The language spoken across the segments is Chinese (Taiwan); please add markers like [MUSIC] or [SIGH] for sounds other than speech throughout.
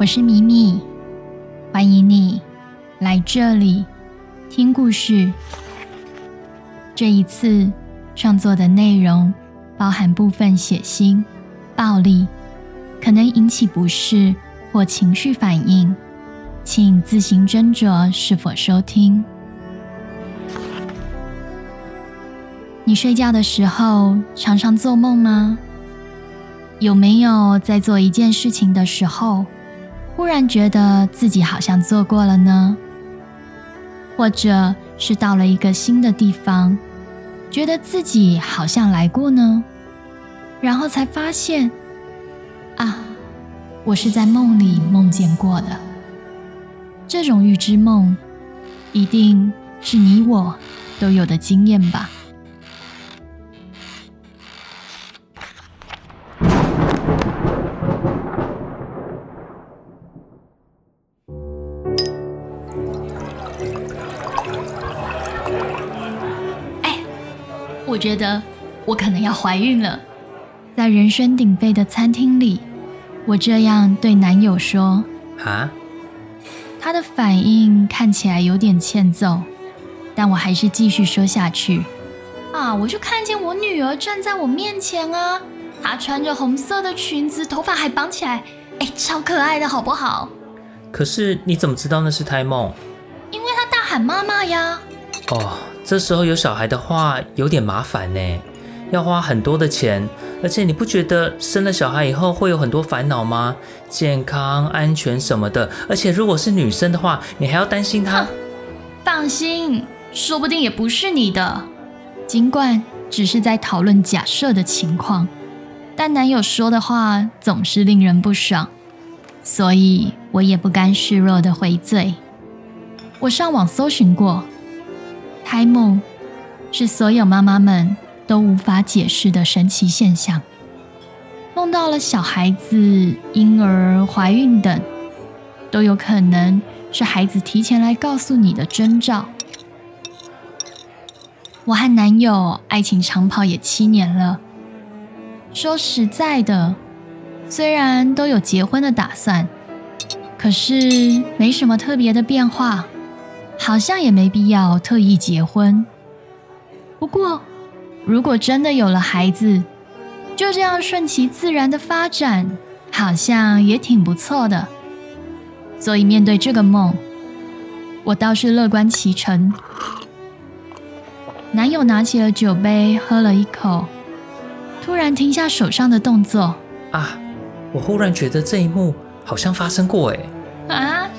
我是米米，歡迎你來這裡聽故事。這一次創作的內容包含部分血腥、暴力，可能引起不適或情緒反應，請自行斟酌是否收聽。你睡覺的時候常常做夢嗎？有沒有在做一件事情的時候，忽然覺得自己好像做過了呢？或者是到了一個新的地方，覺得自己好像來過呢？然後才發現，啊，我是在夢裡夢見過的。這種預知夢，一定是你我都有的經驗吧。哎、欸，我覺得我可能要懷孕了。在人聲鼎沸的餐廳裡，我這樣對男友說：“啊！”他的反應看起來有點欠揍，但我還是繼續說下去：“啊，我就看見我女兒站在我面前啊，她穿着紅色的裙子，頭髮還綁起來，哎、欸，超可愛的，好不好？”可是你怎麼知道那是胎夢？喊媽媽呀。哦，這時候有小孩的話有點麻煩呢，要花很多的錢，而且你不覺得生了小孩以後會有很多煩惱嗎？健康、安全什麼的，而且如果是女生的話，你還要擔心她。放心，說不定也不是你的。儘管只是在討論假設的情況，但男友說的話總是令人不爽，所以我也不甘示弱的回嘴。我上網搜尋過，胎夢是所有媽媽們都無法解釋的神奇現象。夢到了小孩子、嬰兒、懷孕等，都有可能是孩子提前來告訴你的徵兆。我和男友愛情長跑也七年了，說實在的，雖然都有結婚的打算，可是沒什麼特別的變化。好像也沒必要特意結婚，不過，如果真的有了孩子，就這樣順其自然的發展，好像也挺不錯的。所以面對這個夢，我倒是樂觀其成。男友拿起了酒杯，喝了一口，突然停下手上的動作。啊，我忽然覺得這一幕好像發生過欸，誒，啊，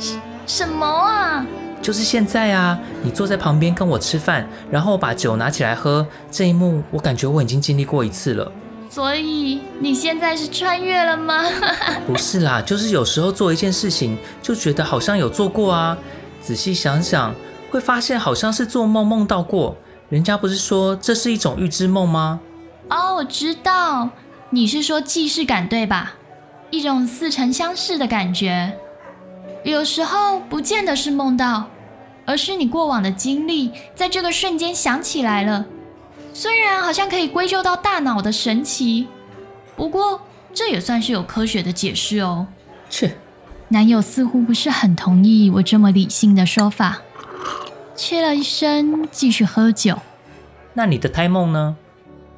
什麼啊？就是現在啊！你坐在旁邊跟我吃飯，然後把酒拿起來喝，這一幕我感覺我已經經歷過一次了。所以你現在是穿越了嗎？ [LAUGHS] 不是啦，就是有時候做一件事情就覺得好像有做過啊。仔細想想，會發現好像是做夢夢到過。人家不是說這是一種預知夢嗎？哦，我知道，你是說既視感對吧？一種似曾相識的感覺，有時候不見得是夢到。而是你過往的經歷在這個瞬間想起來了，雖然好像可以歸咎到大腦的神奇，不過這也算是有科學的解釋哦。切是，男友似乎不是很同意我這麼理性的說法，切了一聲，繼續喝酒。那你的胎夢呢？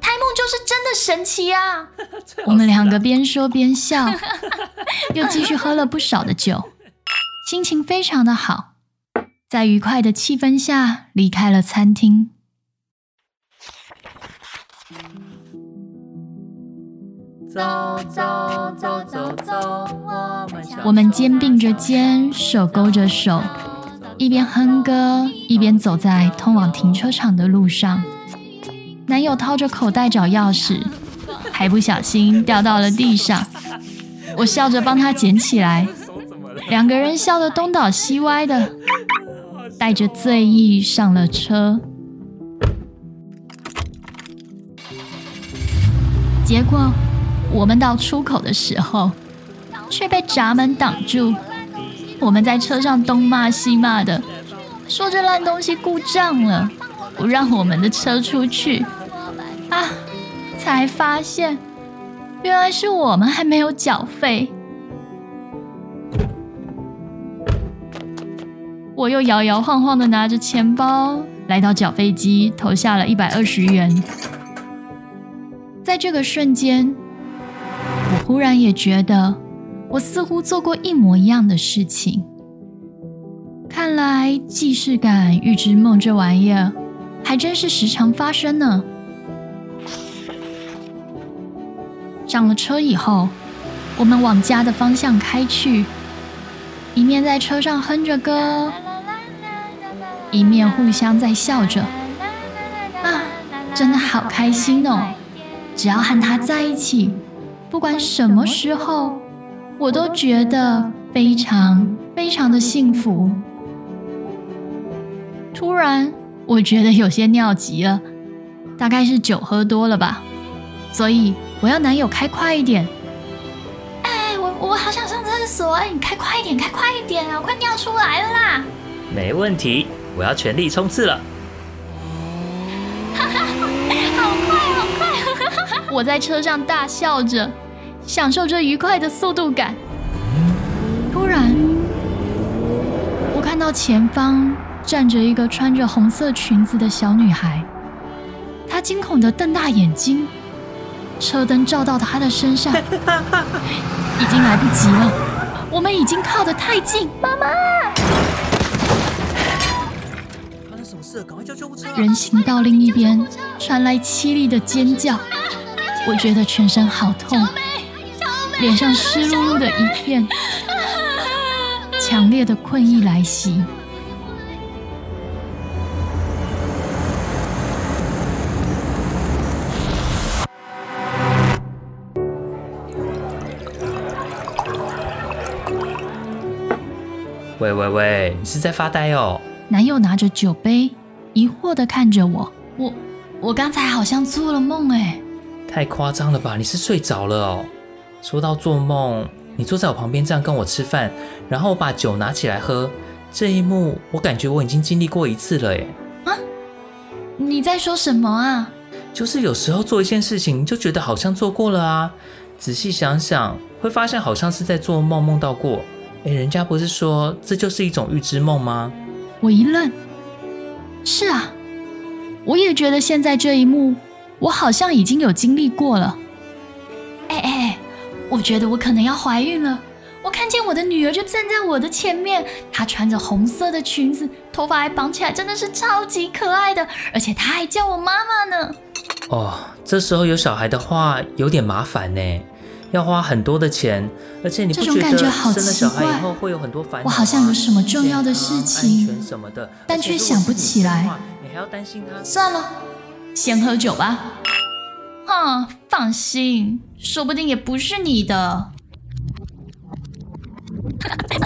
胎夢就是真的神奇啊！ [LAUGHS] 我們兩個邊說邊笑， [LAUGHS] 又繼續喝了不少的酒， [LAUGHS] 心情非常的好。在愉快的氣氛下離開了餐廳。走走走走走，我們我們肩並着肩，手勾着手，一邊哼歌一邊走在通往停車場的路上。男友掏着口袋找鑰匙，還不小心掉到了地上，我笑着幫他撿起來。兩個人笑得東倒西歪的。帶着醉意上了車，結果我們到出口的時候卻被閘門擋住。我們在車上東罵西罵的，說這爛東西故障了，不讓我們的車出去啊，才發現原來是我們還沒有繳費。我又搖搖晃晃地拿着錢包來到繳費機，投下了一百二十元。在這個瞬間，我忽然也覺得我似乎做過一模一樣的事情。看來，既視感、預知夢這玩意兒還真是時常發生呢。上了車以後，我們往家的方向開去，一面在車上哼着歌。一面互相在笑着，啊，真的好開心哦！只要和他在一起，不管什麼時候，我都覺得非常非常的幸福。突然，我覺得有些尿急了，大概是酒喝多了吧，所以我要男友開快一點。哎，我我好想上廁所，哎，你開快一點，開快一點啊！我快尿出來了啦！沒問題。我要全力衝刺了！哈哈哈，好快，好快！哈哈哈，我在車上大笑着，享受這愉快的速度感。突然，我看到前方站着一個穿着紅色裙子的小女孩，她驚恐地瞪大眼睛。車燈照到她的身上，已經來不及了，我們已經靠得太近。媽媽。人行道另一邊傳來淒厲的尖叫，啊啊、我覺得全身好痛，臉上濕漉漉的一片，強救美烈的困意來襲。救美喂喂喂，你是，是在發呆哦、喔？男友拿着酒杯，疑惑的看着我，我我剛才好像做了夢哎。欸，太誇張了吧？你是睡着了哦。說到做夢，你坐在我旁邊這樣跟我吃飯，然後把酒拿起來喝，這一幕我感覺我已經經歷過一次了哎。啊？你在說什麼啊？就是有時候做一件事情，就覺得好像做過了啊。仔細想想，會發現好像是在做夢，夢到過。誒，人家不是說這就是一種預知夢嗎？我一愣。是啊，我也覺得現在這一幕，我好像已經有經歷過了。哎哎哎，我覺得我可能要懷孕了。我看見我的女兒就站在我的前面，她穿着紅色的裙子，頭髮還綁起來，真的是超級可愛的。而且她還叫我媽媽呢。哦，這時候有小孩的話，有點麻煩呢。要花很多的錢，而且你不覺得生了小孩以後會有很多煩惱嗎？這種感覺好奇怪。我好像有什麼重要的事情，但卻想不起來。算了，先喝酒吧。哼，放心，說不定也不是你的。 [LAUGHS]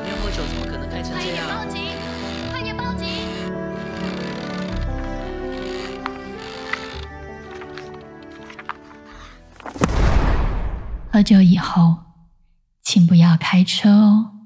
白天喝酒怎麼可能開車？快點報警，快點報警。喝酒以後，請不要開車哦。